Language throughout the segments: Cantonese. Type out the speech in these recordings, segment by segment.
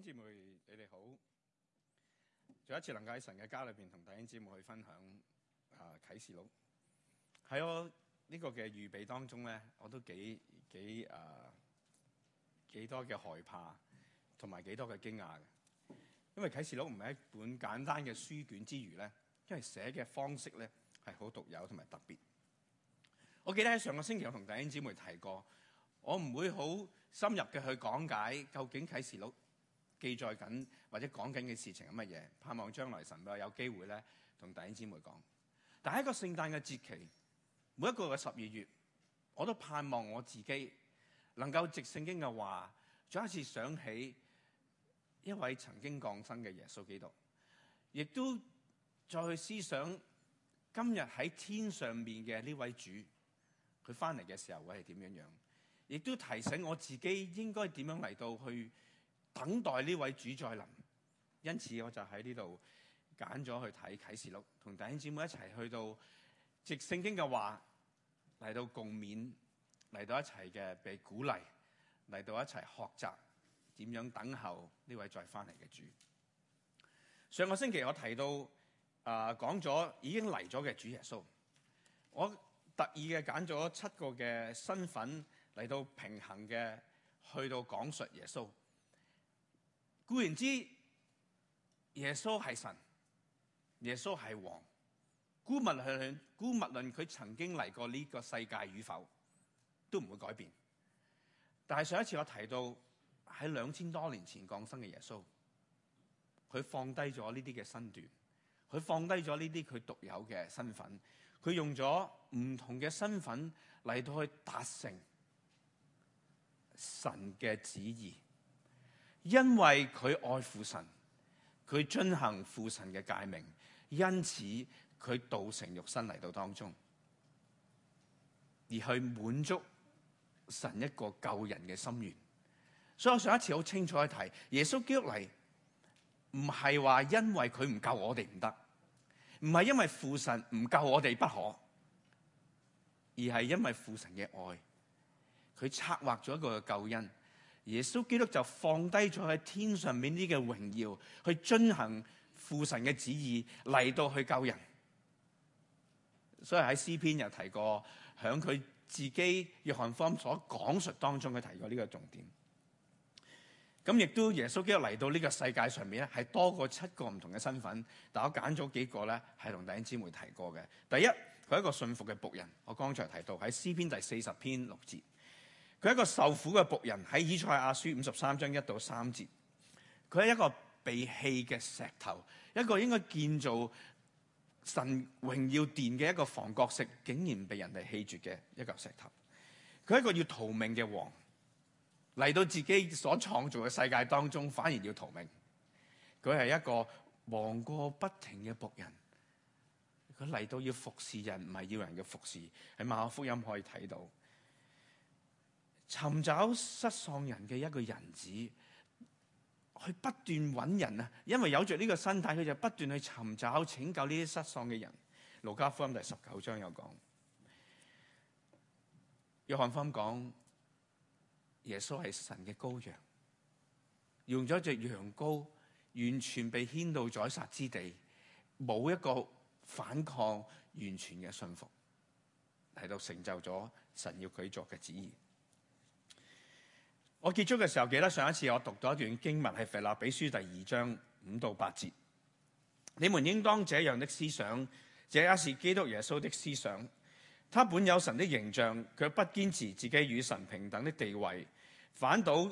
弟兄姊妹，你哋好。再一次能夠喺神嘅家裏邊同弟兄姐妹去分享啊啟示錄。喺我呢個嘅預備當中咧，我都幾幾誒、啊、幾多嘅害怕同埋幾多嘅驚訝嘅，因為啟示錄唔係一本簡單嘅書卷之餘咧，因為寫嘅方式咧係好獨有同埋特別。我記得喺上個星期我同弟兄姐妹提過，我唔會好深入嘅去講解究竟啟示錄。記載緊或者講緊嘅事情係乜嘢？盼望將來神俾我有機會咧，同弟兄姊妹講。但係一個聖誕嘅節期，每一個嘅十二月，我都盼望我自己能夠藉聖經嘅話，再一次想起一位曾經降生嘅耶穌基督，亦都再去思想今日喺天上面嘅呢位主，佢翻嚟嘅時候會係點樣樣？亦都提醒我自己應該點樣嚟到去。等待呢位主再臨，因此我就喺呢度揀咗去睇啟示錄，同弟兄姊妹一齊去到藉聖經嘅話嚟到共勉，嚟到一齊嘅被鼓勵，嚟到一齊學習點樣等候呢位再翻嚟嘅主。上個星期我提到啊，呃、講咗已經嚟咗嘅主耶穌，我特意嘅揀咗七個嘅身份嚟到平衡嘅去到講述耶穌。固然之，耶穌係神，耶穌係王。姑勿論，佢曾經嚟過呢個世界與否，都唔會改變。但係上一次我提到喺兩千多年前降生嘅耶穌，佢放低咗呢啲嘅身段，佢放低咗呢啲佢獨有嘅身份，佢用咗唔同嘅身份嚟到去達成神嘅旨意。因為佢愛父神，佢遵行父神嘅誡命，因此佢道成肉身嚟到當中，而去滿足神一個救人嘅心願。所以我上一次好清楚嘅提，耶穌基督嚟唔係話因為佢唔救我哋唔得，唔係因為父神唔救我哋不可，而係因為父神嘅愛，佢策劃咗一個救恩。耶穌基督就放低咗喺天上面呢個榮耀，去遵行父神嘅旨意嚟到去救人。所以喺詩篇又提過，響佢自己約翰方所講述當中，佢提過呢個重點。咁亦都耶穌基督嚟到呢個世界上面咧，係多過七個唔同嘅身份，但我揀咗幾個咧，係同弟兄姊妹提過嘅。第一，佢係一個信服嘅僕人，我剛才提到喺詩篇第四十篇六節。佢係一個受苦嘅僕人，喺以賽亞書五十三章一到三節，佢係一個被棄嘅石頭，一個應該建造神榮耀殿嘅一個房角石，竟然被人哋棄絕嘅一嚿石頭。佢係一個要逃命嘅王，嚟到自己所創造嘅世界當中，反而要逃命。佢係一個忙過不停嘅僕人，佢嚟到要服侍人，唔係要人嘅服侍，喺馬可福音可以睇到。尋找失喪人嘅一個人子，去不斷揾人啊，因為有着呢個身體，佢就不斷去尋找、拯救呢啲失喪嘅人。路加福音第十九章有講，約翰福音講耶穌係神嘅羔羊，用咗隻羊羔，完全被牽到宰殺之地，冇一個反抗，完全嘅信服，嚟到成就咗神要佢作嘅旨意。我結束嘅時候，記得上一次我讀到一段經文係腓立比書第二章五到八節。你們應當這樣的思想，這也是基督耶穌的思想。他本有神的形象，卻不堅持自己與神平等的地位，反倒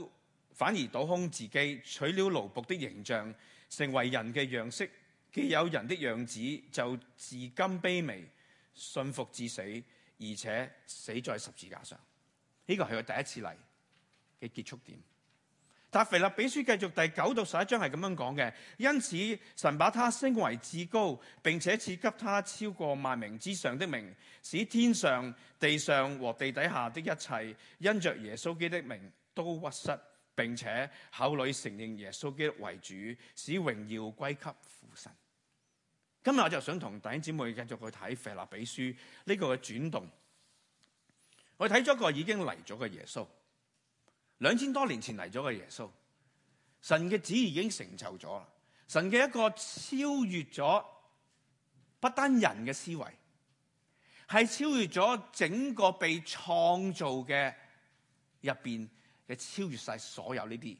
反而倒空自己，取了奴僕的形象，成為人嘅樣式。既有人的樣子，就自甘卑微，順服至死，而且死在十字架上。呢、這個係我第一次嚟。嘅結束點。但腓立比書繼續第九到十一章係咁樣講嘅，因此神把他升為至高，並且賜給他超過萬名之上的名，使天上、地上和地底下的一切，因着耶穌基督的名都屈膝，並且口裏承認耶穌基督為主，使榮耀歸給父神。今日我就想同弟兄姐妹繼續去睇腓立比書呢個嘅轉動。我睇咗個已經嚟咗嘅耶穌。兩千多年前嚟咗嘅耶穌，神嘅旨意已經成就咗啦。神嘅一個超越咗，不單人嘅思維，係超越咗整個被創造嘅入邊嘅超越晒所有呢啲，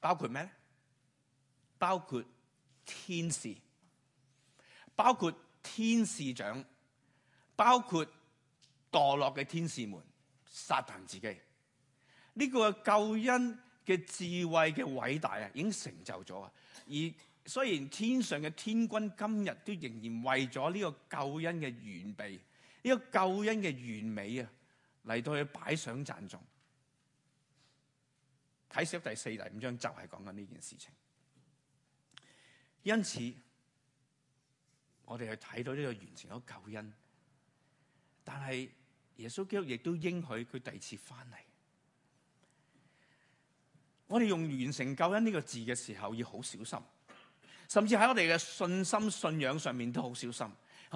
包括咩咧？包括天使，包括天使長，包括墮落嘅天使們，撒旦自己。呢、這個救恩嘅智慧嘅偉大啊，已經成就咗啊！而雖然天上嘅天君今日都仍然為咗呢個救恩嘅完備，呢、這個救恩嘅完美啊，嚟到去擺上讚頌。啟示錄第四、第五章就係、是、講緊呢件事情。因此，我哋去睇到呢個完成咗救恩，但係耶穌基督亦都應許佢第二次翻嚟。我哋用完成救恩呢個字嘅時候要好小心，甚至喺我哋嘅信心信仰上面都好小心，喺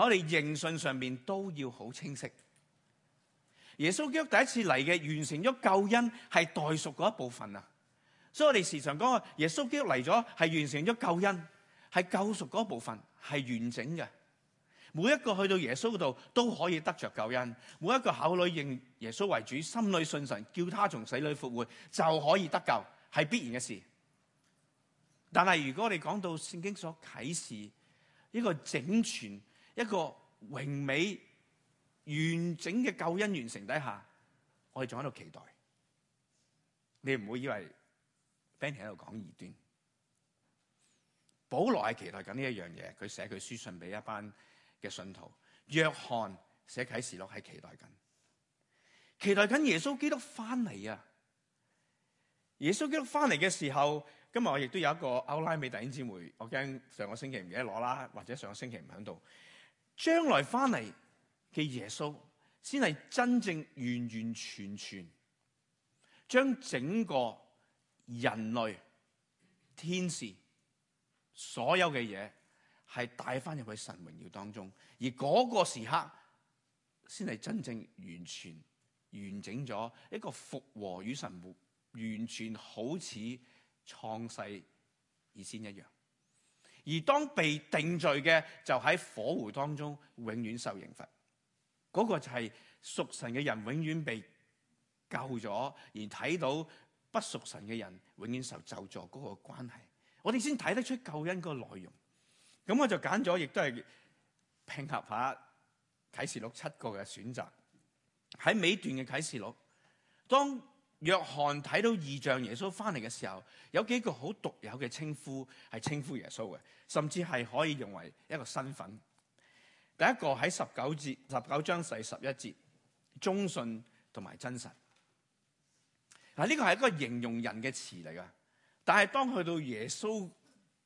我哋認信上面都要好清晰。耶穌基督第一次嚟，嘅完成咗救恩係代贖嗰一部分啊，所以我哋時常講，耶穌基督嚟咗係完成咗救恩，係救贖嗰一部分係完整嘅，每一個去到耶穌嗰度都可以得着救恩，每一個口裏認耶穌為主，心裏信神，叫他從死裏復活，就可以得救。係必然嘅事，但係如果我哋講到聖經所啟示一個整全，一個完美，完整嘅救恩完成底下，我哋仲喺度期待。你唔好以為 Ben 喺度講異端。保羅係期待緊呢一樣嘢，佢寫佢書信俾一班嘅信徒。約翰寫啟示錄係期待緊，期待緊耶穌基督翻嚟啊！耶穌基督翻嚟嘅時候，今日我亦都有一個歐拉美弟兄姊妹，我驚上個星期唔記得攞啦，或者上個星期唔喺度。將來翻嚟嘅耶穌，先係真正完完全全將整個人類、天使所有嘅嘢，係帶翻入去神榮耀當中，而嗰個時刻，先係真正完全完整咗一個復和與神活。完全好似創世以前一樣，而當被定罪嘅就喺火湖當中永遠受刑罰，嗰、嗰個就係屬神嘅人永遠被救咗，而睇到不屬神嘅人永遠受咒詛。嗰個關係，我哋先睇得出救恩嗰個內容。咁我就揀咗，亦都係拼合下啟示錄七個嘅選擇，喺尾段嘅啟示錄，當。約翰睇到異象耶穌翻嚟嘅時候，有幾個好獨有嘅稱呼係稱呼耶穌嘅，甚至係可以用為一個身份。第一個喺十九節，十九章十一節，忠信同埋真實。嗱、這、呢個係一個形容人嘅詞嚟噶，但係當去到耶穌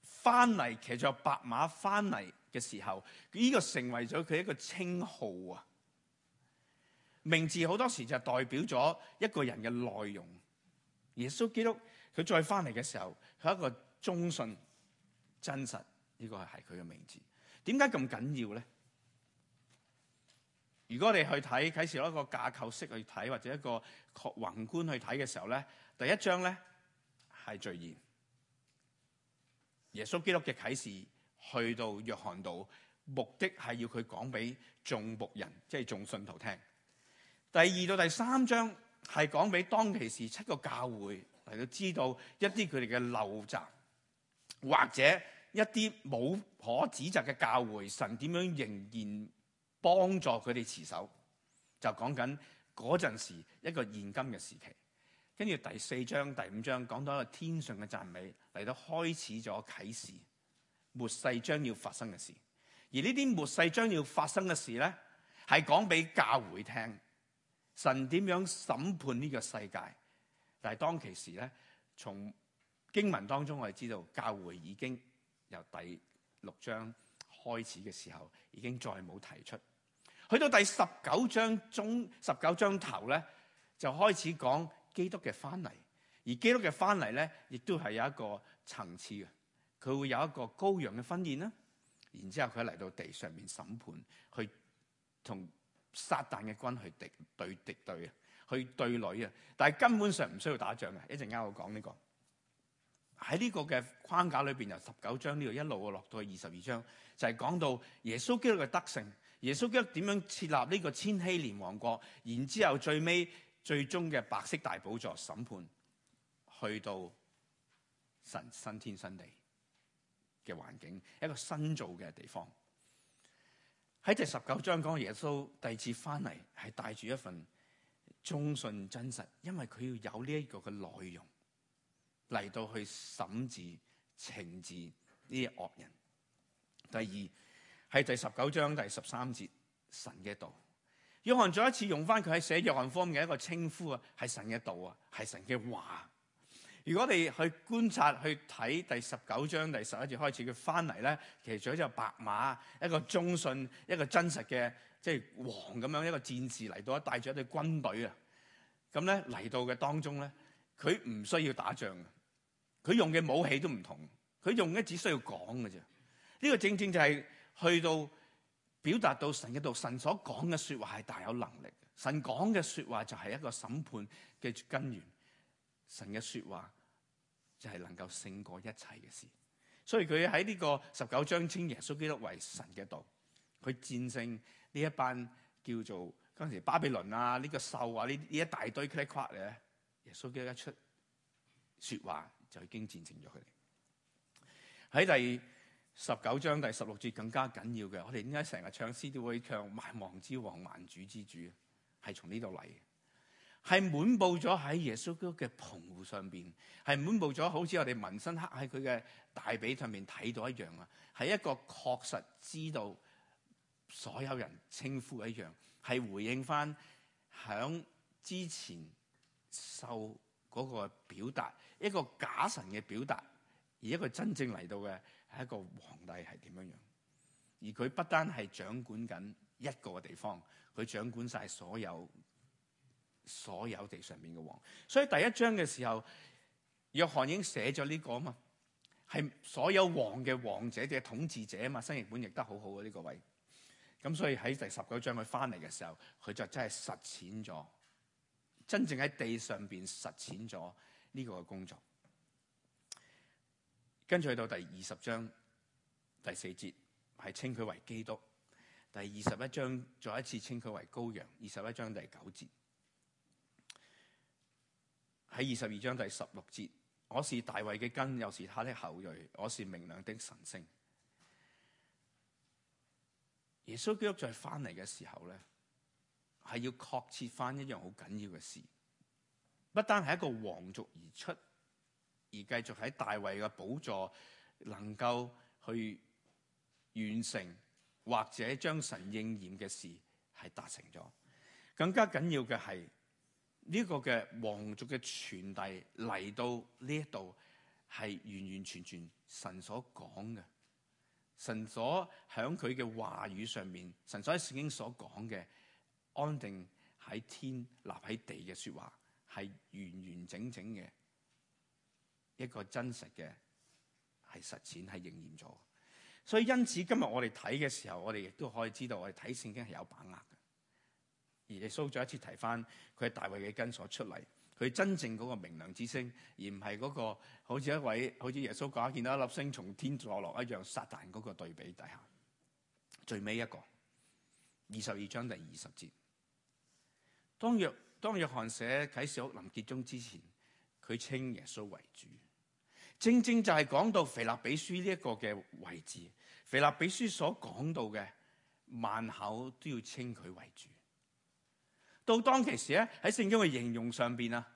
翻嚟騎着白馬翻嚟嘅時候，呢、這個成為咗佢一個稱號啊！名字好多時就代表咗一個人嘅內容。耶穌基督佢再翻嚟嘅時候，佢一個忠信真實呢、這個係佢嘅名字。點解咁緊要咧？如果你去睇啟示，一個架構式去睇，或者一個宏觀去睇嘅時候咧，第一章咧係序言。耶穌基督嘅啟示去到約翰道，目的係要佢講俾眾僕人，即係眾信徒聽。第二到第三章係講俾當其時七個教會嚟到知道一啲佢哋嘅陋習，或者一啲冇可指責嘅教會，神點樣仍然幫助佢哋持守，就講緊嗰陣時一個現今嘅時期。跟住第四章第五章講到一個天上嘅讚美嚟到，開始咗啟示末世將要發生嘅事。而呢啲末世將要發生嘅事呢，係講俾教會聽。神點樣審判呢個世界？但係當其時咧，從經文當中我哋知道，教會已經由第六章開始嘅時候，已經再冇提出。去到第十九章中，十九章頭咧就開始講基督嘅翻嚟，而基督嘅翻嚟咧，亦都係有一個層次嘅，佢會有一個羔羊嘅婚宴啦。然之後佢嚟到地上面審判，去同。撒旦嘅軍去敵對敵對啊，去對壘啊，但係根本上唔需要打仗嘅、這個這個，一直啱我講呢個喺呢個嘅框架裏邊，由十九章呢度一路落到去二十二章，就係、是、講到耶穌基督嘅得勝，耶穌基督點樣設立呢個千禧年王國，然之後最尾最終嘅白色大寶座審判，去到神新天新地嘅環境，一個新造嘅地方。喺第十九章講耶穌第二次翻嚟係帶住一份忠信真實，因為佢要有呢一個嘅內容嚟到去審治、懲治呢啲惡人。第二喺第十九章第十三節，神嘅道，約翰再一次用翻佢喺寫約翰福音嘅一個稱呼啊，係神嘅道啊，係神嘅話。如果你去觀察去睇第十九章第十一節開始，佢翻嚟咧，其實就係一隻白馬，一個忠信，一個真實嘅，即係王咁樣一個戰士嚟到，帶住一隊軍隊啊。咁咧嚟到嘅當中咧，佢唔需要打仗，佢用嘅武器都唔同，佢用咧只需要講嘅啫。呢個正正就係去到表達到神嘅度，神所講嘅說話係大有能力，神講嘅說話就係一個審判嘅根源，神嘅說話。就係、是、能夠勝過一切嘅事，所以佢喺呢個十九章稱耶穌基督為神嘅道，佢戰勝呢一班叫做嗰陣時巴比倫啊、呢個獸啊、呢呢一大堆 client 嘅耶穌基督一出説話，就已經戰勝咗佢哋。喺第十九章第十六節更加緊要嘅，我哋點解成日唱詩都會唱萬王之王、萬主之主，係從呢度嚟嘅。係滿布咗喺耶穌基督嘅棚戶上邊，係滿布咗，好似我哋紋身刻喺佢嘅大髀上面睇到一樣啊！係一個確實知道所有人稱呼一樣，係回應翻響之前受嗰個表達一個假神嘅表達，而一個真正嚟到嘅係一個皇帝係點樣樣？而佢不單係掌管緊一個地方，佢掌管晒所有。所有地上邊嘅王，所以第一章嘅時候，約翰已經寫咗呢個啊嘛，係所有王嘅王者嘅統治者啊嘛。新譯本譯得好好啊呢個位，咁所以喺第十九章佢翻嚟嘅時候，佢就真係實踐咗，真正喺地上邊實踐咗呢個嘅工作。跟住去到第二十章第四節，係稱佢為基督，第二十一章再一次稱佢為羔羊。二十一章第九節。喺二十二章第十六節，我是大衛嘅根，又是他的後裔，我是明亮的晨星。耶穌基督再翻嚟嘅時候咧，係要確切翻一樣好緊要嘅事，不單係一個王族而出，而繼續喺大衛嘅寶座，能夠去完成或者將神應驗嘅事係達成咗，更加緊要嘅係。呢、這個嘅王族嘅傳遞嚟到呢一度係完完全全神所講嘅，神所響佢嘅話語上面，神所喺聖經所講嘅安定喺天立喺地嘅說話係完完整整嘅一個真實嘅係實踐係應驗咗，所以因此今日我哋睇嘅時候，我哋亦都可以知道我哋睇聖經係有把握。耶穌再一次提翻佢係大衛嘅根所出嚟，佢真正嗰個明亮之星，而唔係嗰個好似一位好似耶穌講見到一粒星從天墜落一樣。撒旦嗰個對比底下，最尾一個二十二章第二十節，當若當約翰寫啟示錄臨結束之前，佢稱耶穌為主，正正就係講到腓立比書呢一個嘅位置。腓立比書所講到嘅萬口都要稱佢為主。到當其時咧，喺聖經嘅形容上邊啊，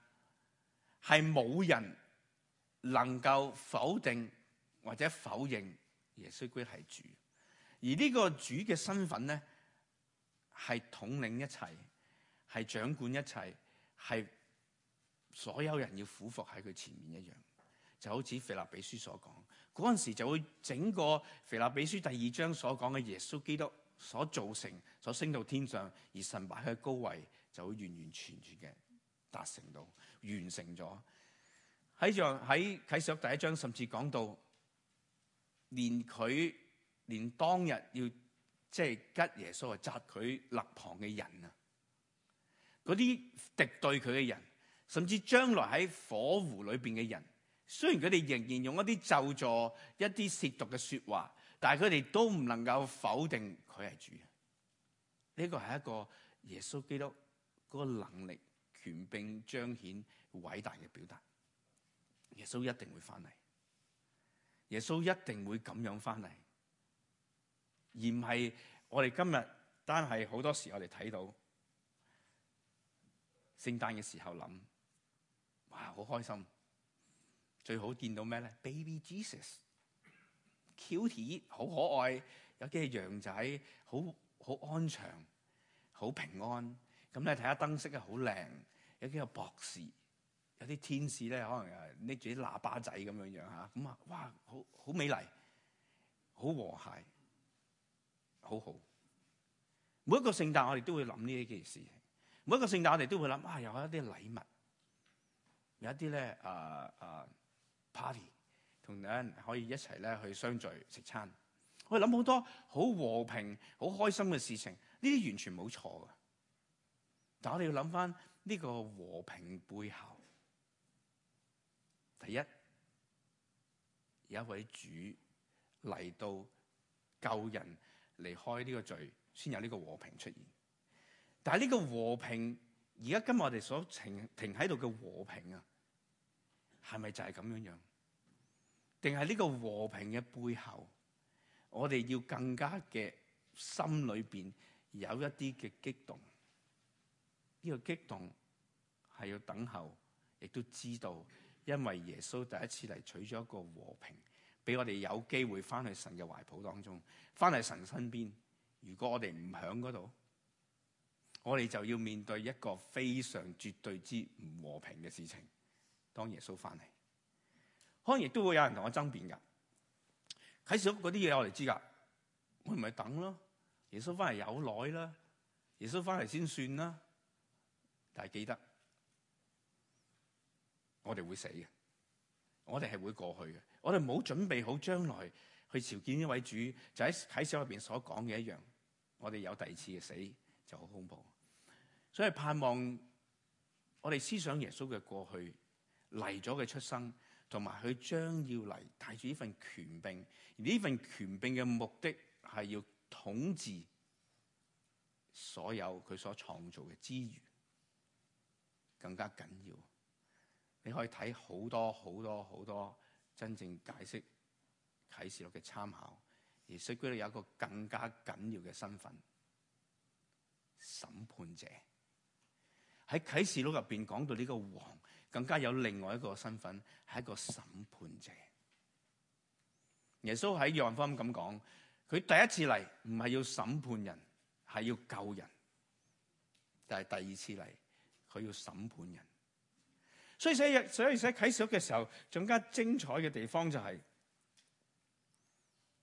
係冇人能夠否定或者否認耶穌基督係主，而呢個主嘅身份咧，係統領一切，係掌管一切，係所有人要俯伏喺佢前面一樣，就好似腓立比書所講，嗰陣時就會整個腓立比書第二章所講嘅耶穌基督所造成、所升到天上而神擺喺高位。就完完全全嘅達成到完成咗。喺上喺啟示錄第一章，甚至講到連佢連當日要即係吉耶穌、扎佢肋旁嘅人啊，嗰啲敵對佢嘅人，甚至將來喺火湖裏邊嘅人，雖然佢哋仍然用一啲咒詛、一啲褻瀆嘅説話，但係佢哋都唔能夠否定佢係主的。呢、這個係一個耶穌基督。嗰個能力權柄彰顯偉大嘅表達，耶穌一定會翻嚟。耶穌一定會咁樣翻嚟，而唔係我哋今日，但係好多時我哋睇到聖誕嘅時候諗，哇，好開心。最好見到咩咧？Baby Jesus, Cutie，好可愛，有啲係羊仔，好好安詳，好平安。咁咧，睇下燈飾咧，好靚，有幾個博士，有啲天使咧可能誒拎住啲喇叭仔咁樣樣嚇，咁啊，哇好好美麗，好和諧，好好。每一個聖誕我哋都會諗呢一件事情。每一個聖誕我哋都會諗啊，有一啲禮物，有一啲咧誒誒 party，同人可以一齊咧去相聚食餐，我哋諗好多好和平、好開心嘅事情，呢啲完全冇錯嘅。但我哋要諗翻呢個和平背後，第一有一位主嚟到救人，離開呢個罪，先有呢個和平出現。但係呢個和平而家今日我哋所停停喺度嘅和平啊，係咪就係咁樣樣？定係呢個和平嘅背後，我哋要更加嘅心裏面有一啲嘅激動。呢、這個激動係要等候，亦都知道，因為耶穌第一次嚟取咗一個和平，俾我哋有機會翻去神嘅懷抱當中，翻去神身邊。如果我哋唔響嗰度，我哋就要面對一個非常絕對之唔和平嘅事情。當耶穌翻嚟，可能亦都會有人同我爭辯噶喺小屋嗰啲嘢，我哋知噶，我咪等咯。耶穌翻嚟有耐啦，耶穌翻嚟先算啦。但係記得，我哋會死嘅，我哋係會過去嘅。我哋冇準備好將來去朝見呢位主，就喺喺書入邊所講嘅一樣。我哋有第二次嘅死就好恐怖，所以盼望我哋思想耶穌嘅過去嚟咗嘅出生，同埋佢將要嚟帶住呢份權柄，而呢份權柄嘅目的係要統治所有佢所創造嘅資源。更加緊要，你可以睇好多好多好多真正解釋啟示錄嘅參考，而聖經咧有一個更加緊要嘅身份——審判者。喺啟示錄入邊講到呢個王，更加有另外一個身份係一個審判者。耶穌喺約翰福音咁講，佢第一次嚟唔係要審判人，係要救人，但係第二次嚟。佢要審判人，所以寫日，所以寫啟示錄嘅時候，更加精彩嘅地方就係、是、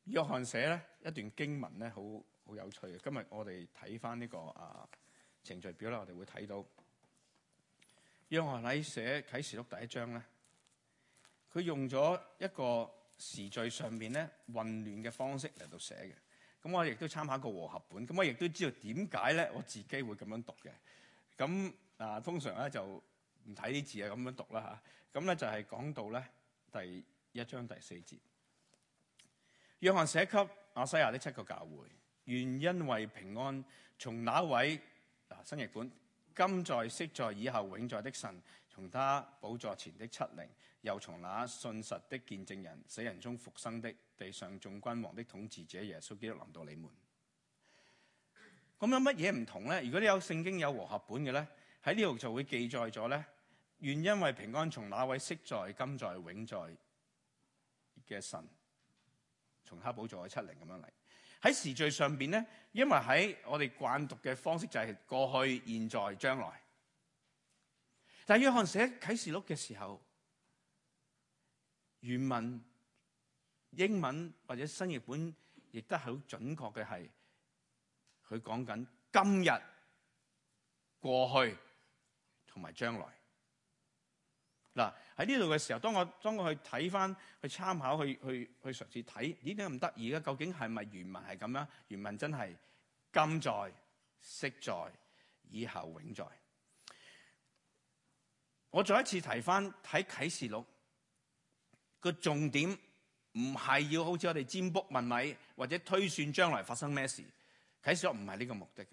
約翰寫咧一段經文咧，好好有趣嘅。今日我哋睇翻呢個啊程序表啦，我哋會睇到約翰喺寫啟示錄第一章咧，佢用咗一個時序上邊咧混亂嘅方式嚟到寫嘅。咁我亦都參考過和合本，咁我亦都知道點解咧，我自己會咁樣讀嘅。咁嗱、啊，通常咧就唔睇啲字啊，咁樣讀啦吓，咁咧就係講到咧第一章第四節，約翰寫給亞西亞的七個教會，願因為平安，從那位嗱、啊、新譯本今在、昔在、以後永在的神，從他寶座前的七靈，又從那信實的見證人、死人中復生的地上眾君王的統治者耶穌基督臨到你們。咁有乜嘢唔同咧？如果你有聖經有和合本嘅咧？喺呢度就會記載咗咧，願因為平安從那位昔在、今在、永在嘅神，從哈寶座在七靈咁樣嚟。喺時序上邊咧，因為喺我哋慣讀嘅方式就係過去、現在、將來。但係約翰寫啟示錄嘅時候，原文、英文或者新譯本亦都係好準確嘅，係佢講緊今日、過去。同埋將來嗱，喺呢度嘅時候，當我當我去睇翻、去參考、去去去嘗試睇，點解咁得意嘅？究竟係咪原文係咁樣？原文真係今在、昔在、以後永在。我再一次提翻睇啟示錄個重點唔係要好似我哋占卜問、問米或者推算將來發生咩事。啟示錄唔係呢個目的。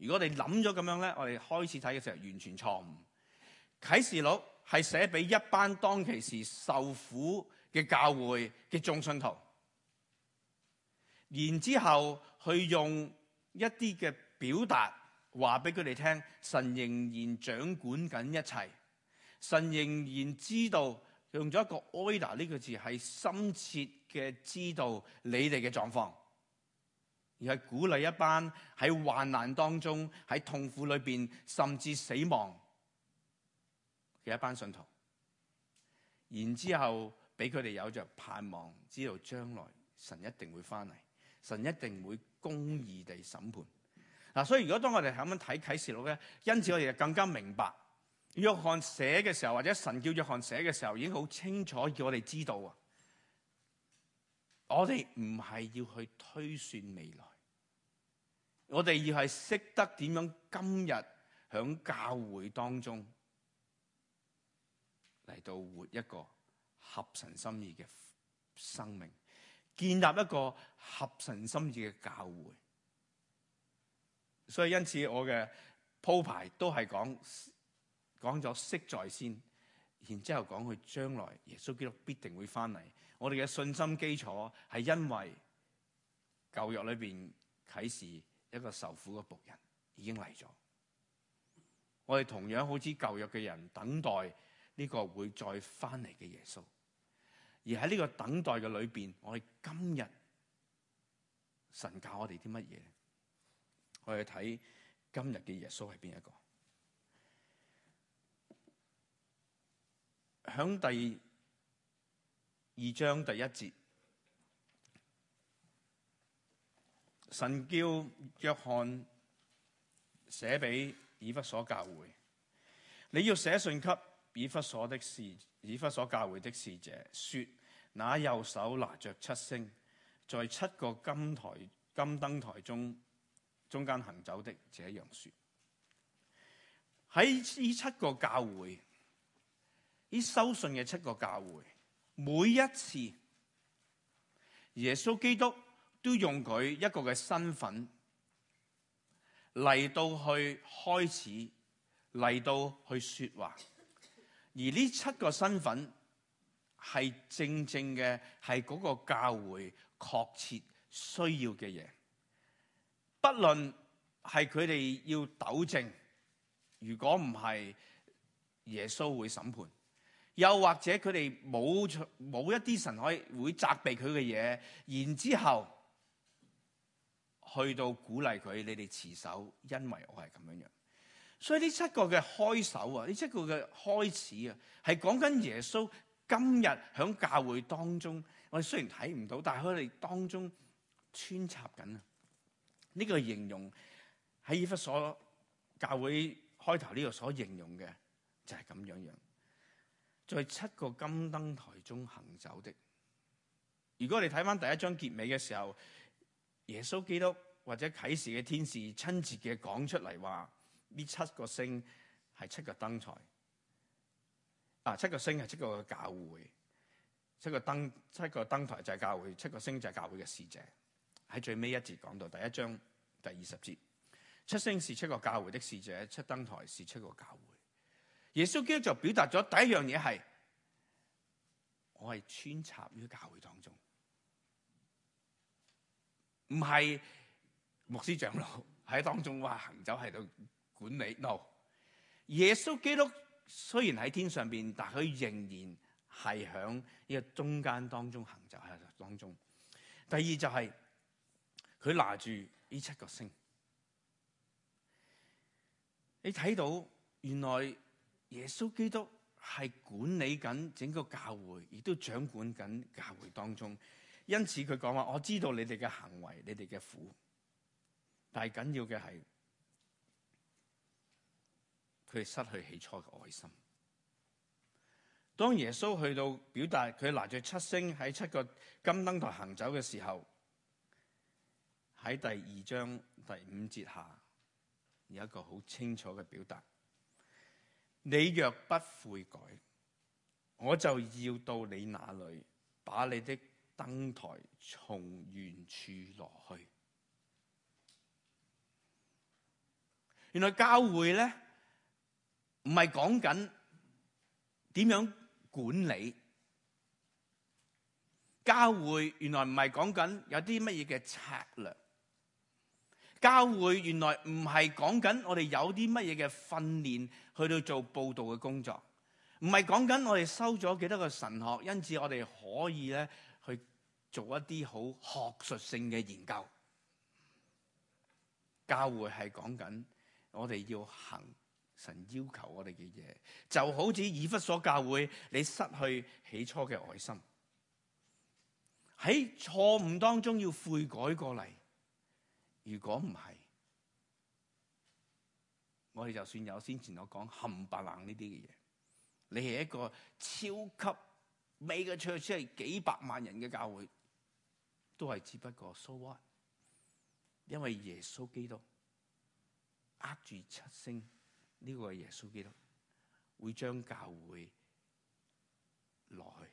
如果你哋諗咗咁樣咧，我哋開始睇嘅時候完全錯誤。啟示錄係寫俾一班當其時受苦嘅教會嘅眾信徒，然之後去用一啲嘅表達話俾佢哋聽，神仍然掌管緊一切，神仍然知道，用咗一個「Oida」呢個字係深切嘅知道你哋嘅狀況。而係鼓勵一班喺患難當中，喺痛苦裏邊甚至死亡嘅一班信徒，然之後俾佢哋有着盼望，知道將來神一定會翻嚟，神一定會公義地審判。嗱、啊，所以如果當我哋係咁樣睇啟示錄咧，因此我哋就更加明白，約翰寫嘅時候或者神叫約翰寫嘅時候，已經好清楚叫我哋知道啊，我哋唔係要去推算未來。我哋要係識得點樣今日喺教會當中嚟到活一個合神心意嘅生命，建立一個合神心意嘅教會。所以因此我嘅鋪排都係講講咗識在先，然之後講佢將來耶穌基督必定會翻嚟。我哋嘅信心基礎係因為舊約裏邊啟示。一個受苦嘅僕人已經嚟咗，我哋同樣好似舊約嘅人等待呢個會再翻嚟嘅耶穌，而喺呢個等待嘅裏邊，我哋今日神教我哋啲乜嘢呢？我哋睇今日嘅耶穌係邊一個？響第二章第一節。神叫約翰寫俾以弗所教會，你要寫信給以弗所的使，以弗所教會的使者說，說那右手拿着七星，在七個金台，金燈台中，中間行走的這樣説。喺呢七個教會，呢收信嘅七個教會，每一次耶穌基督，都用佢一個嘅身份嚟到去開始，嚟到去說話，而呢七個身份係正正嘅係嗰個教會確切需要嘅嘢，不論係佢哋要糾正，如果唔係耶穌會審判，又或者佢哋冇冇一啲神可以會責備佢嘅嘢，然之後。去到鼓勵佢，你哋持守，因為我係咁樣樣。所以呢七個嘅開手啊，呢七個嘅開始啊，係講緊耶穌今日響教會當中，我哋雖然睇唔到，但係佢哋當中穿插緊啊。呢、這個形容喺以弗所教會開頭呢度所形容嘅，就係咁樣樣。在七個金燈台中行走的。如果你睇翻第一章結尾嘅時候。耶穌基督或者啟示嘅天使親自嘅講出嚟話，呢七個星係七個燈台，啊七個星係七個教會，七個燈七個燈台就係教會，七個星就係教會嘅使者。喺最尾一節講到第一章第二十節，七星是七個教會的使者，七燈台是七個教會。耶穌基督就表達咗第一樣嘢係，我係穿插於教會當中。唔係牧師長老喺當中哇行走喺度管理，no！耶穌基督雖然喺天上邊，但佢仍然係響呢個中間當中行走喺當中。第二就係、是、佢拿住呢七個星，你睇到原來耶穌基督係管理緊整個教會，亦都掌管緊教會當中。因此佢講話，我知道你哋嘅行為，你哋嘅苦，但係緊要嘅係佢失去起初嘅愛心。當耶穌去到表達佢拿住七星喺七個金燈台行走嘅時候，喺第二章第五節下有一個好清楚嘅表達：你若不悔改，我就要到你那裏把你的。登台，從原處落去。原來教會咧唔係講緊點樣管理教會，原來唔係講緊有啲乜嘢嘅策略。教會原來唔係講緊我哋有啲乜嘢嘅訓練去到做報道嘅工作，唔係講緊我哋收咗幾多個神學，因此我哋可以咧。做一啲好學術性嘅研究，教會係講緊我哋要行神要求我哋嘅嘢，就好似以弗所教會，你失去起初嘅愛心，喺錯誤當中要悔改過嚟。如果唔係，我哋就算有先前我講冚唪唥呢啲嘅嘢，你係一個超級美嘅 church 係幾百萬人嘅教會。都係只不過，so what？因為耶穌基督握住七星，呢、這個係耶穌基督會將教會落去。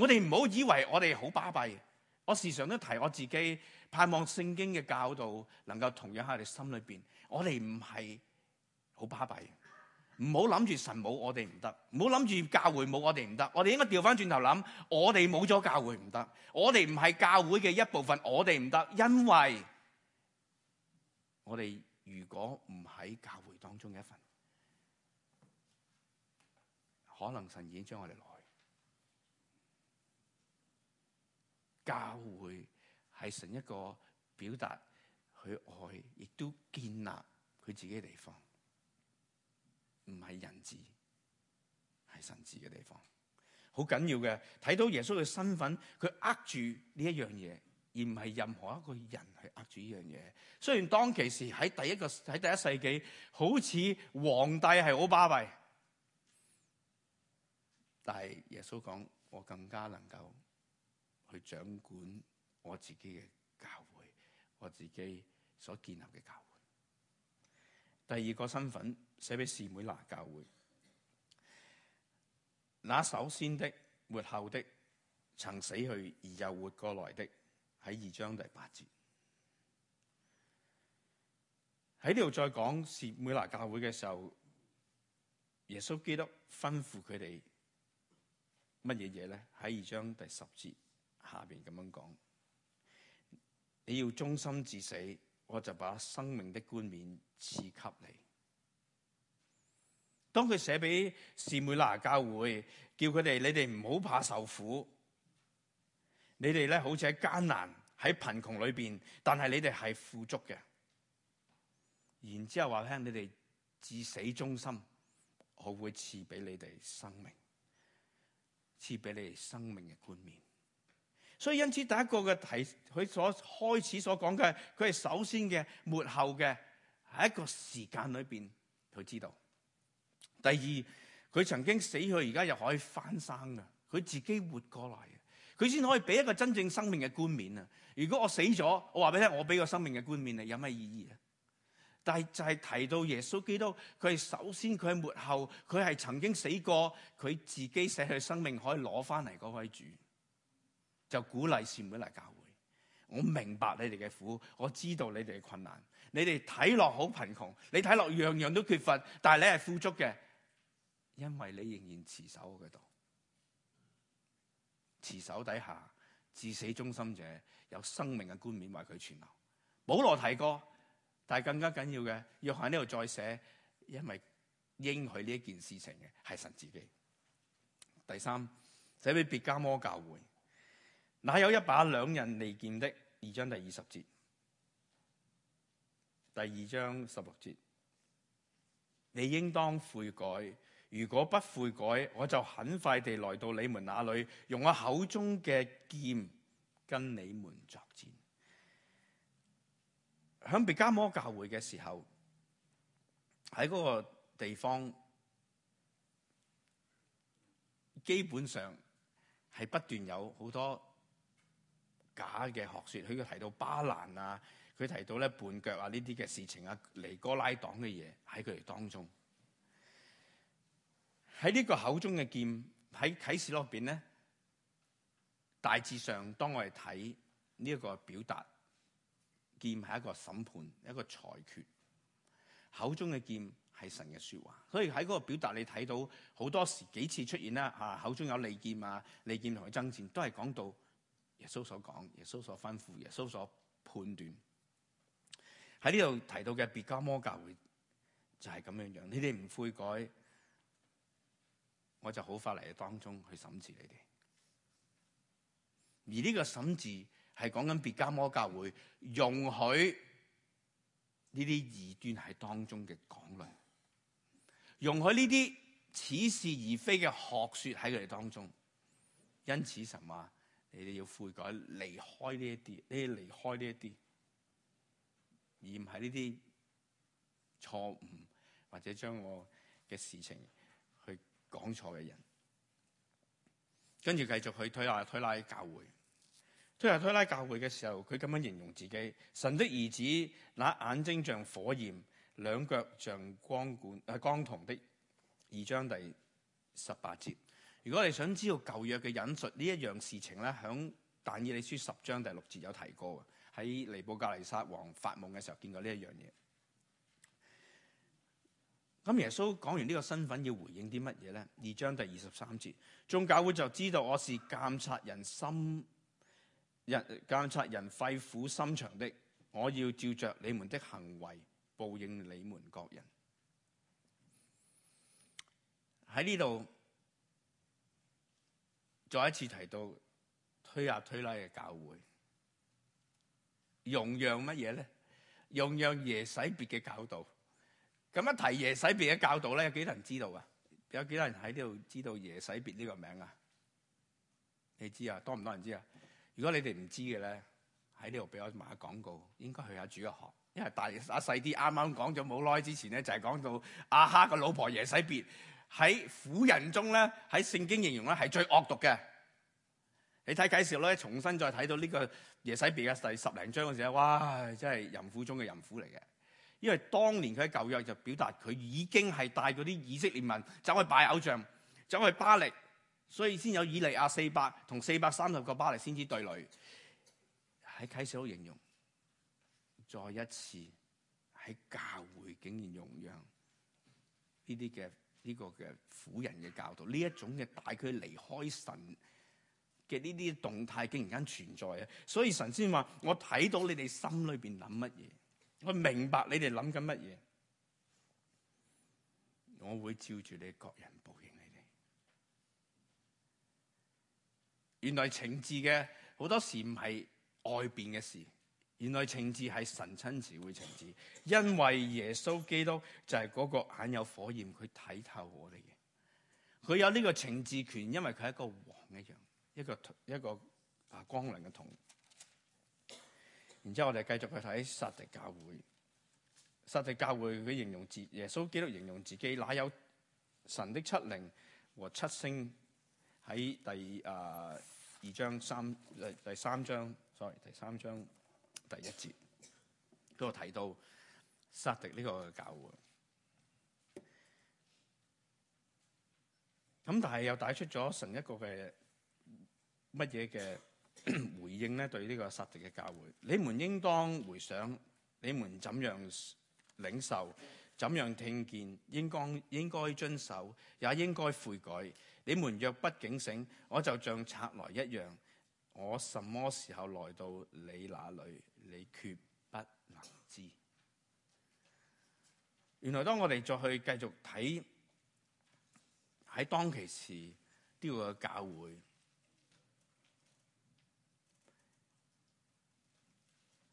我哋唔好以為我哋好巴閉，我時常都提我自己，盼望聖經嘅教導能夠同樣喺我哋心裏邊。我哋唔係好巴閉。唔好諗住神冇我哋唔得，唔好諗住教會冇我哋唔得。我哋應該調翻轉頭諗，我哋冇咗教會唔得。我哋唔係教會嘅一部分，我哋唔得。因為我哋如果唔喺教會當中嘅一份，可能神已經將我哋攞去。教會係成一個表達佢愛，亦都建立佢自己嘅地方。唔係人治，係神治嘅地方，好緊要嘅。睇到耶穌嘅身份，佢握住呢一樣嘢，而唔係任何一個人去握住呢樣嘢。雖然當其時喺第一個喺第一世紀，好似皇帝係好巴閉，但係耶穌講，我更加能夠去掌管我自己嘅教會，我自己所建立嘅教會。第二個身份，寫俾士妹拿教會，那首先的、末後的、曾死去而又活過來的，喺二章第八節。喺呢度再講士妹拿教會嘅時候，耶穌基督吩咐佢哋乜嘢嘢呢？喺二章第十節下面咁樣講，你要忠心至死。我就把生命的冠冕賜給你。當佢寫俾士每拿教會，叫佢哋你哋唔好怕受苦，你哋咧好似喺艱難、喺貧窮裏邊，但係你哋係富足嘅。然之後話聽你哋至死忠心，我會賜俾你哋生命，賜俾你哋生命嘅冠冕。所以因此，第一個嘅提佢所開始所講嘅，佢係首先嘅末後嘅喺一個時間裏邊，佢知道。第二，佢曾經死去，而家又可以翻生嘅，佢自己活過嚟嘅，佢先可以俾一個真正生命嘅冠冕啊！如果我死咗，我話俾你聽，我俾個生命嘅冠冕咧，有咩意義啊？但係就係提到耶穌基督，佢係首先，佢係末後，佢係曾經死過，佢自己死去生命可以攞翻嚟嗰位主。他就鼓勵善門嚟教會。我明白你哋嘅苦，我知道你哋嘅困難。你哋睇落好貧窮，你睇落樣樣都缺乏，但係你係富足嘅，因為你仍然持守喺嗰度。持守底下，至死忠心者有生命嘅冠冕為佢存留。保羅提過，但係更加緊要嘅，約翰呢度再寫，因為應許呢一件事情嘅係神自己。第三，寫俾別迦摩教會。那有一把兩刃利劍的二章第二十節，第二章十六節，你應當悔改，如果不悔改，我就很快地來到你們那裏，用我口中嘅劍跟你們作戰。喺別迦摩教會嘅時候，喺嗰個地方，基本上係不斷有好多。假嘅學説，佢提到巴蘭啊，佢提到咧絆腳啊呢啲嘅事情啊，尼哥拉黨嘅嘢喺佢哋當中。喺呢個口中嘅劍喺啟示錄入邊咧，大致上當我哋睇呢一個表達，劍係一個審判，一個裁決。口中嘅劍係神嘅説話，所以喺嗰個表達你睇到好多時幾次出現啦嚇、啊，口中有利劍啊，利劍同埋爭戰，都係講到。耶穌所講，耶穌所吩咐，耶穌所判斷，喺呢度提到嘅別迦摩教會就係咁樣樣。你哋唔悔改，我就好快嚟當中去審視你哋。而呢個審字係講緊別迦摩教會容許呢啲異端喺當中嘅講論，容許呢啲似是而非嘅學說喺佢哋當中。因此神話。你哋要悔改，離開呢一啲，你要離開呢一啲，而唔係呢啲錯誤，或者將我嘅事情去講錯嘅人。跟住繼續去推雅推喇教會，推雅推喇教會嘅時候，佢咁樣形容自己：神的兒子，那眼睛像火焰，兩腳像光管，啊，光銅的二章第十八節。如果你想知道舊約嘅引述呢一樣事情呢，喺但以理書十章第六節有提過，喺尼布甲尼撒王發夢嘅時候見過呢一樣嘢。咁耶穌講完呢個身份要回應啲乜嘢呢？二章第二十三節，眾教會就知道我是監察人心、人監察人肺腑心腸的，我要照着你們的行為報應你們各人。喺呢度。再一次提到推雅推喇嘅教會，容讓乜嘢咧？容讓耶洗別嘅教導。咁一提耶洗別嘅教導咧，有幾多人知道啊？有幾多人喺呢度知道耶洗別呢個名啊？你知啊？多唔多人知啊？如果你哋唔知嘅咧，喺呢度俾我賣下廣告，應該去一下主日學，因為大阿細啲啱啱講咗冇耐之前咧，就係、是、講到阿、啊、哈個老婆耶洗別。喺婦人中咧，喺聖經形容咧係最惡毒嘅。你睇啟示錄咧，重新再睇到呢個耶洗別嘅第十零章嗰時咧，哇！真係淫婦中嘅淫婦嚟嘅。因為當年佢喺舊約就表達佢已經係帶嗰啲以色列民走去拜偶像，走去巴力。所以先有以利亞四百同四百三十個巴力先至對壘。喺啟示錄形容，再一次喺教會竟然容讓呢啲嘅。呢、這個嘅婦人嘅教導，呢一種嘅帶佢離開神嘅呢啲動態，竟然間存在啊！所以神先話：我睇到你哋心裏邊諗乜嘢，我明白你哋諗緊乜嘢，我會照住你各人報應你哋。原來懲治嘅好多時唔係外邊嘅事。原來懲治係神親自會懲治，因為耶穌基督就係嗰個眼有火焰，佢睇透我哋嘅，佢有呢個懲治權，因為佢係一個王一樣，一個一個啊光亮嘅銅。然之後我哋繼續去睇撒狄教會，撒狄教會佢形容自耶穌基督形容自己，那有神的七靈和七星喺第、呃、二章三第三 sorry 第三章。Sorry, 第一節都提到撒迪呢個教會，咁但係又帶出咗成一個嘅乜嘢嘅回應呢？對呢個撒迪嘅教會，你們應當回想你們怎樣領受、怎樣聽見，應該應該遵守，也應該悔改。你們若不警醒，我就像賊來一樣。我什麼時候來到你那裡？你決不能知。原來當我哋再去繼續睇喺當其時呢個教會，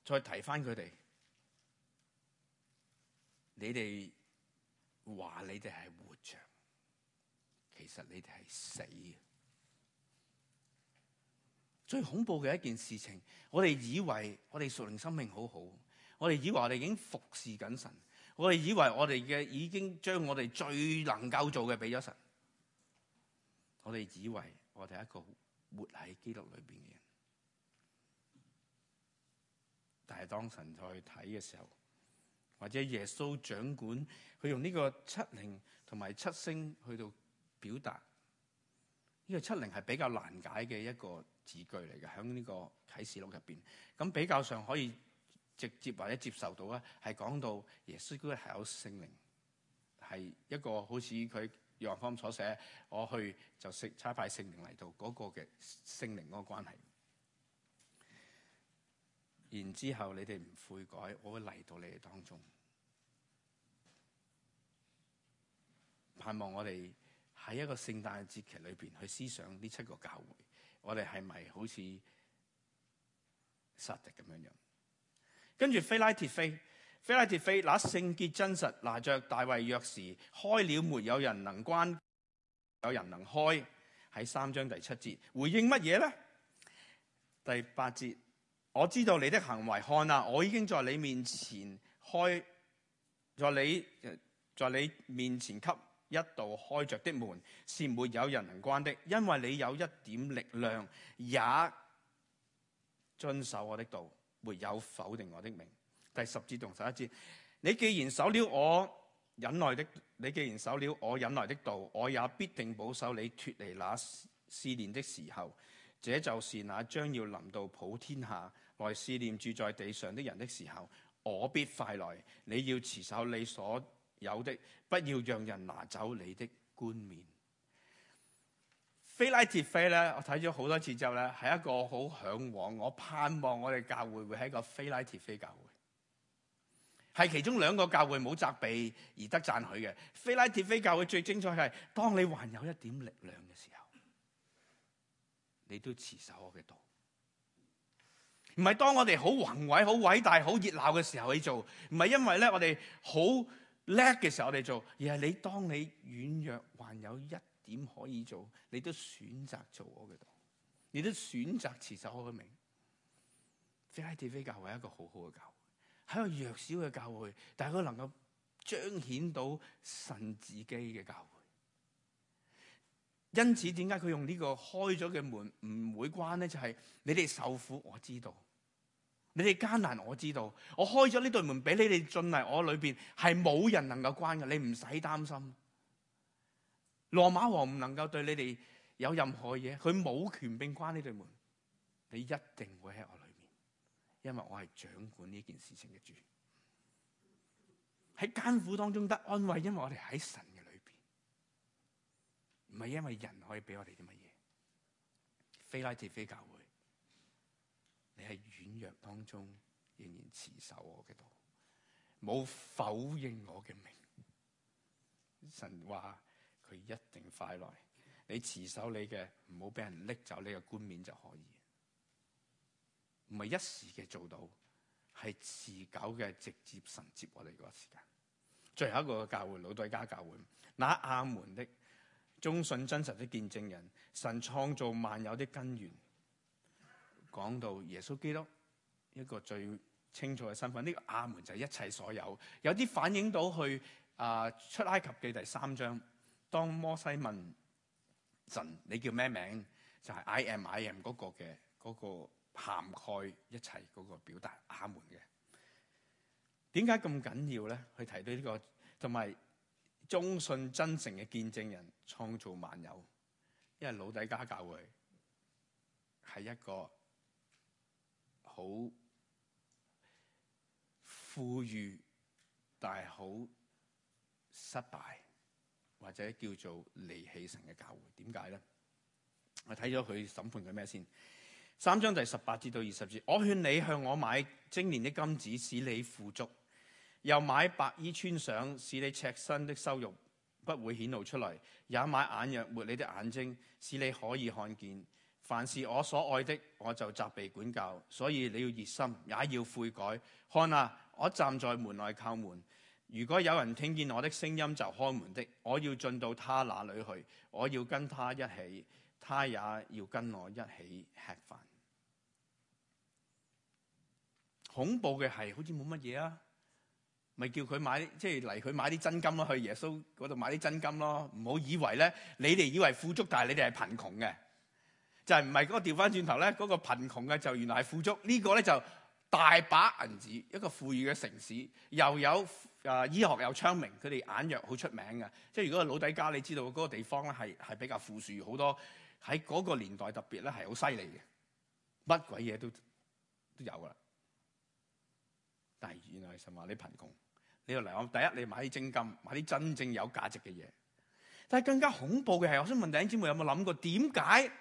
再提翻佢哋，你哋話你哋係活著，其實你哋係死嘅。最恐怖嘅一件事情，我哋以為我哋屬靈生命好好，我哋以為我哋已經服侍緊神，我哋以為我哋嘅已經將我哋最能夠做嘅俾咗神，我哋以為我哋係一個活喺基督裏面嘅人，但係當神在去睇嘅時候，或者耶穌掌管，佢用呢個七靈同埋七星去到表達。呢、這個七靈係比較難解嘅一個字句嚟嘅，喺呢個啟示錄入邊，咁比較上可以直接或者接受到咧，係講到耶穌都係有聖靈，係一個好似佢《約翰福音》所寫，我去就食差派聖靈嚟到嗰、那個嘅聖靈嗰個關係。然之後你哋唔悔改，我會嚟到你哋當中。盼望我哋。喺一個聖誕嘅節期裏邊去思想呢七個教會，我哋係咪好似撒狄咁樣樣？跟住非拉鐵非，非拉鐵非，那聖潔真實拿着大衛鑰匙開了，沒有人能關，有人能開，喺三章第七節回應乜嘢咧？第八節我知道你的行為，看啊，我已經在你面前開，在你，在你面前給。一道開着的門是沒有人能關的，因為你有一點力量也遵守我的道，沒有否定我的名。第十節同十一節，你既然守了我忍耐的，你既然守了我忍耐的道，我也必定保守你脫離那試煉的時候。這就是那將要臨到普天下來試煉住在地上的人的時候，我必快來。你要持守你所有的，不要讓人拿走你的冠冕。非拉鐵非咧，我睇咗好多次之後咧，係一個好向往，我盼望我哋教會會喺個非拉鐵非教會，係其中兩個教會冇責備而得讚許嘅。非拉鐵非教會最精彩係，當你還有一點力量嘅時候，你都持守我嘅道。唔係當我哋好宏偉、好偉大、好熱鬧嘅時候去做，唔係因為咧我哋好。叻嘅時候我哋做，而係你當你軟弱還有一點可以做，你都選擇做我嘅道，你都選擇持守我嘅名。我嘅名。 非拉鐵非教係一個很好好嘅教會，是一個弱小嘅教會，但係佢能夠彰顯到神自己嘅教會。因此點解佢用呢個開咗嘅門唔會關呢？就係、是、你哋受苦，我知道。你哋艱難我知道，我開咗呢對門俾你哋進嚟，我裏邊係冇人能夠關嘅，你唔使擔心。羅馬王唔能夠對你哋有任何嘢，佢冇權並關呢對門。你一定會喺我裏面，因為我係掌管呢件事情嘅主。喺艱苦當中得安慰，因為我哋喺神嘅裏邊，唔係因為人可以俾我哋啲乜嘢，非拉鐵非教會。你喺軟弱當中仍然持守我嘅道，冇否認我嘅名。神話佢一定快來，你持守你嘅，唔好俾人拎走你嘅冠冕就可以。唔係一時嘅做到，係持久嘅直接神接我哋嗰個時間。最後一個教會，老底嘉教會，那阿門的忠信真實的見證人，神創造萬有的根源。講到耶穌基督一個最清楚嘅身份，呢、這個阿門就係一切所有，有啲反映到去、呃、出埃及嘅第三章，當摩西問神你叫咩名，就係、是、I am I am 嗰個嘅嗰、那個涵蓋一切嗰個表達阿門嘅。點解咁緊要咧？去提到呢、這個同埋忠信真誠嘅見證人創造萬有，因為老底加教會係一個。好富裕，但係好失敗，或者叫做離棄神嘅教會，點解咧？我睇咗佢審判佢咩先？三章第十八至到二十節，我勸你向我買精煉的金子，使你富足；又買白衣穿上，使你赤身的羞辱不會顯露出來；也買眼藥抹你的眼睛，使你可以看見。凡是我所愛的，我就責備管教，所以你要熱心，也要悔改。看啊，我站在門外叩門，如果有人聽見我的聲音就開門的，我要進到他那裡去，我要跟他一起，他也要跟我一起吃飯。恐怖嘅係，好似冇乜嘢啊，咪叫佢買，即係嚟佢買啲真金咯，去耶穌嗰度買啲真金咯，唔好以為呢，你哋以為富足，但係你哋係貧窮嘅。就係唔係嗰個調翻轉頭咧？嗰個貧窮嘅就原來係富足呢個咧，就大把銀紙一個富裕嘅城市又有啊，醫學又昌明，佢哋眼藥好出名嘅。即係如果老底嘉，你知道嗰個地方咧係比較富庶好多喺嗰個年代特別咧係好犀利嘅乜鬼嘢都都有啦。但係原來神話你貧窮，你又嚟我第一你買啲精金買啲真正有價值嘅嘢，但係更加恐怖嘅係，我想問弟兄姊妹有冇諗過點解？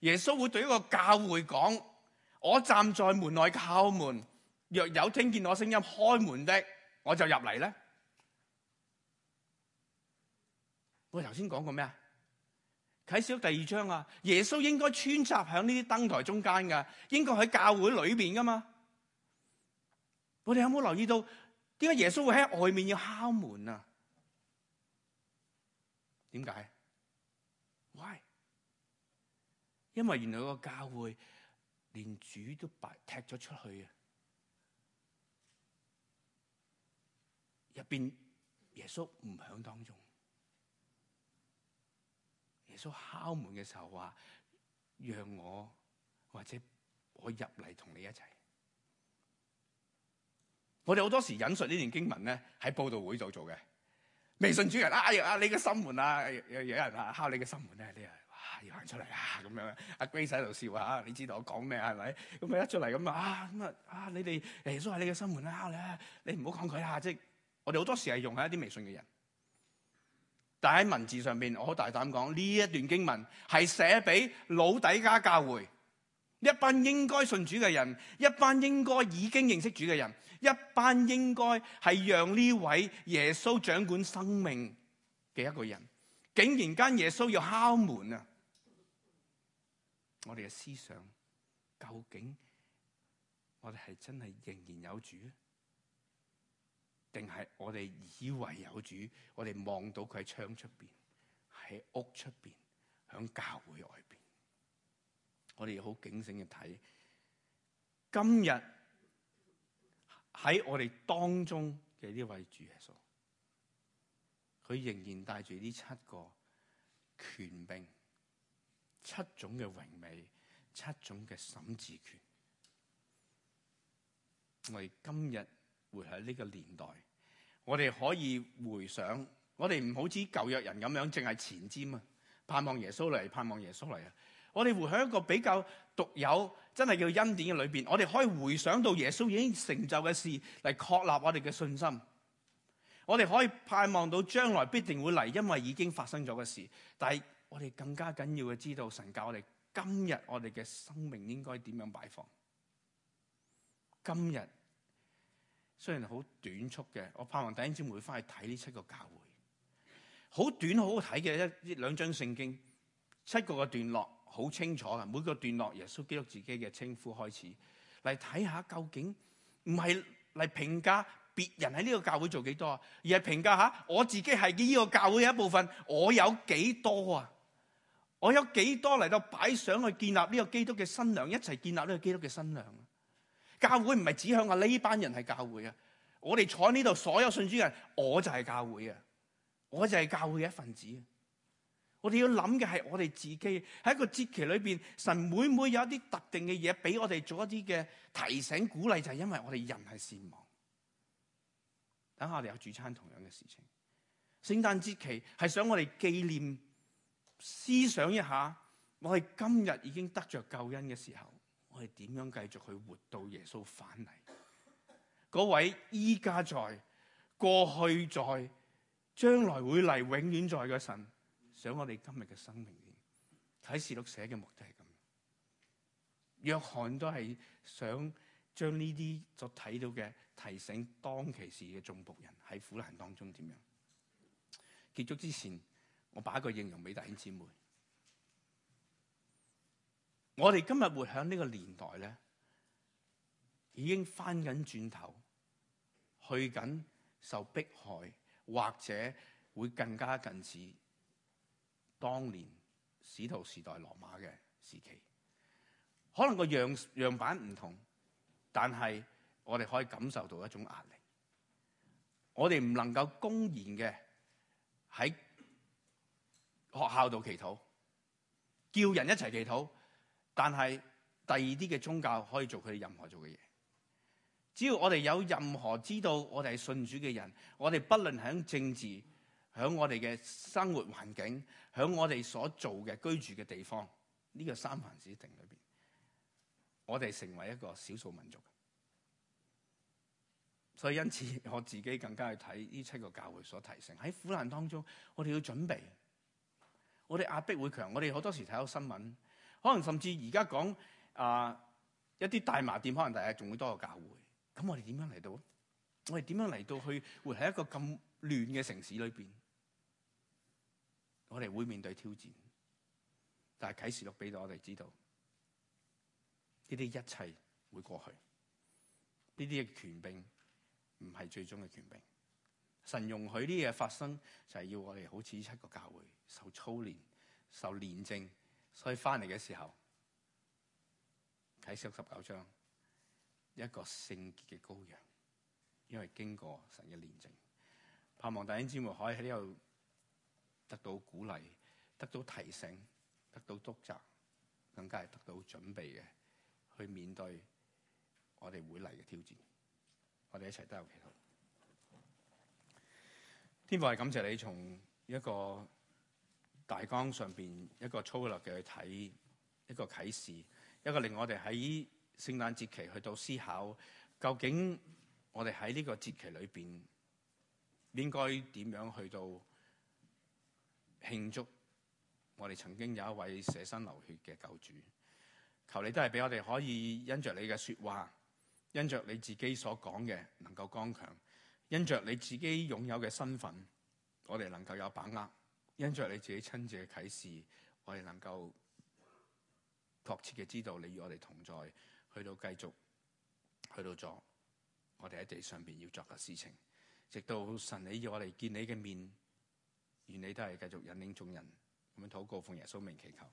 耶穌會對一個教會講：我站在門外敲門，若有聽見我聲音，開門的，我就入嚟咧。我頭先講過咩啊？啟示第二章啊，耶穌應該穿插響呢啲燈台中間噶應該喺教會裏邊噶嘛。我哋有冇留意到，點解耶穌會喺外面要敲門啊？點解？因為原來個教會連主都白踢咗出去嘅，入邊耶穌唔響當中，耶穌敲門嘅時候話：讓我或者我入嚟同你一齊。我哋好多時引述呢段經文咧，喺佈道會度做嘅。未信主人啊，阿阿你嘅心門啊，有有,有人啊敲你嘅心門咧，你啊。要行出嚟啊！咁樣阿 Grace 喺度笑嚇，你知道我講咩係咪？咁佢一出嚟咁啊咁啊啊！你哋耶穌係你嘅新門啦，你你唔好講佢啦，即係我哋好多時係用喺一啲未信嘅人，但喺文字上邊，我好大膽講呢一段經文係寫俾老底嘉教會一班應該信主嘅人，一班應該已經認識主嘅人，一班應該係讓呢位耶穌掌管生命嘅一個人，竟然間耶穌要敲門啊！我哋嘅思想，究竟我哋係真係仍然有主，定係我哋以為有主？我哋望到佢喺窗出邊，喺屋出邊，響教會外邊，我哋好警醒嘅睇，今日喺我哋當中嘅呢位主耶穌，佢仍然帶住呢七個權柄。七種嘅榮美，七種嘅審治權。我哋今日活喺呢個年代，我哋可以回想，我哋唔好似舊約人咁樣，淨係前瞻啊，盼望耶穌嚟，盼望耶穌嚟啊！我哋活喺一個比較獨有，真係叫恩典嘅裏邊，我哋可以回想到耶穌已經成就嘅事，嚟確立我哋嘅信心。我哋可以盼望到將來必定會嚟，因為已經發生咗嘅事，但係。我哋更加緊要嘅知道神教我哋今日，我哋嘅生命應該點樣擺放？今日雖然好短促嘅，我盼望弟兄姊妹翻去睇呢七個教會，好短好好睇嘅一兩章聖經，七個嘅段落好清楚嘅，每個段落耶穌基督自己嘅稱呼開始嚟睇下，究竟唔係嚟評價別人喺呢個教會做幾多啊？而係評價下我自己係呢個教會嘅一部分，我有幾多啊？我有幾多嚟到擺上去建立呢個基督嘅新娘，一齊建立呢個基督嘅新娘啊！教會唔係指向啊呢班人係教會啊！我哋坐喺呢度所有信主人，我就係教會啊！我就係教會嘅一份子啊！我哋要諗嘅係我哋自己，喺一個節期裏邊，神每每有一啲特定嘅嘢俾我哋做一啲嘅提醒、鼓勵，就係、是、因為我哋人係善忘。等下我哋有主餐同樣嘅事情，聖誕節期係想我哋紀念。思想一下，我哋今日已經得着救恩嘅時候，我哋點樣繼續去活到耶穌返嚟嗰位？依家在，過去在，將來會嚟，永遠在嘅神，想我哋今日嘅生命點？啟示錄寫嘅目的係咁。約翰都係想將呢啲就睇到嘅提醒，當其時嘅眾僕人喺苦難當中點樣？結束之前。我把一個應用畀大英姊妹。我哋今日會喺呢個年代咧，已經翻緊轉頭，去緊受迫害，或者會更加近似當年使徒時代羅馬嘅時期。可能個樣樣板唔同，但係我哋可以感受到一種壓力。我哋唔能夠公然嘅喺。學校度祈禱，叫人一齊祈禱。但係第二啲嘅宗教可以做佢哋任何做嘅嘢。只要我哋有任何知道我哋係信主嘅人，我哋不論喺政治、喺我哋嘅生活環境、喺我哋所做嘅居住嘅地方，呢、這個三藩市定裏邊，我哋成為一個少數民族。所以因此，我自己更加去睇呢七個教會所提醒，喺苦難當中，我哋要準備。我哋壓迫會強，我哋好多時睇到新聞，可能甚至而家講啊一啲大麻店，可能大家仲會多過教會。咁我哋點樣嚟到？我哋點樣嚟到去活喺一個咁亂嘅城市裏邊？我哋會面對挑戰，但係啟示錄俾到我哋知道，呢啲一切會過去，呢啲嘅權柄唔係最終嘅權柄。神容許呢嘢發生，就係、是、要我哋好似七個教會受操練、受煉證，所以翻嚟嘅時候，啟示錄十九章，一個聖潔嘅羔羊，因為經過神嘅煉證，盼望弟兄姊妹可以喺呢度得到鼓勵、得到提醒、得到督責，更加係得到準備嘅，去面對我哋會嚟嘅挑戰。我哋一齊祈禱。天父，我哋感謝你從一個大綱上邊一個粗略嘅去睇一個啟示，一個令我哋喺聖誕節期去到思考，究竟我哋喺呢個節期裏邊應該點樣去到慶祝我哋曾經有一位捨身流血嘅救主。求你都係俾我哋可以因着你嘅説話，因着你自己所講嘅能夠剛強。因着你自己擁有嘅身份，我哋能夠有把握；因着你自己親自嘅啟示，我哋能夠確切嘅知道你與我哋同在，去到繼續，去到做我哋喺地上邊要做嘅事情，直到神你要我哋見你嘅面，願你都係繼續引領眾人咁樣禱告，奉耶穌名祈求。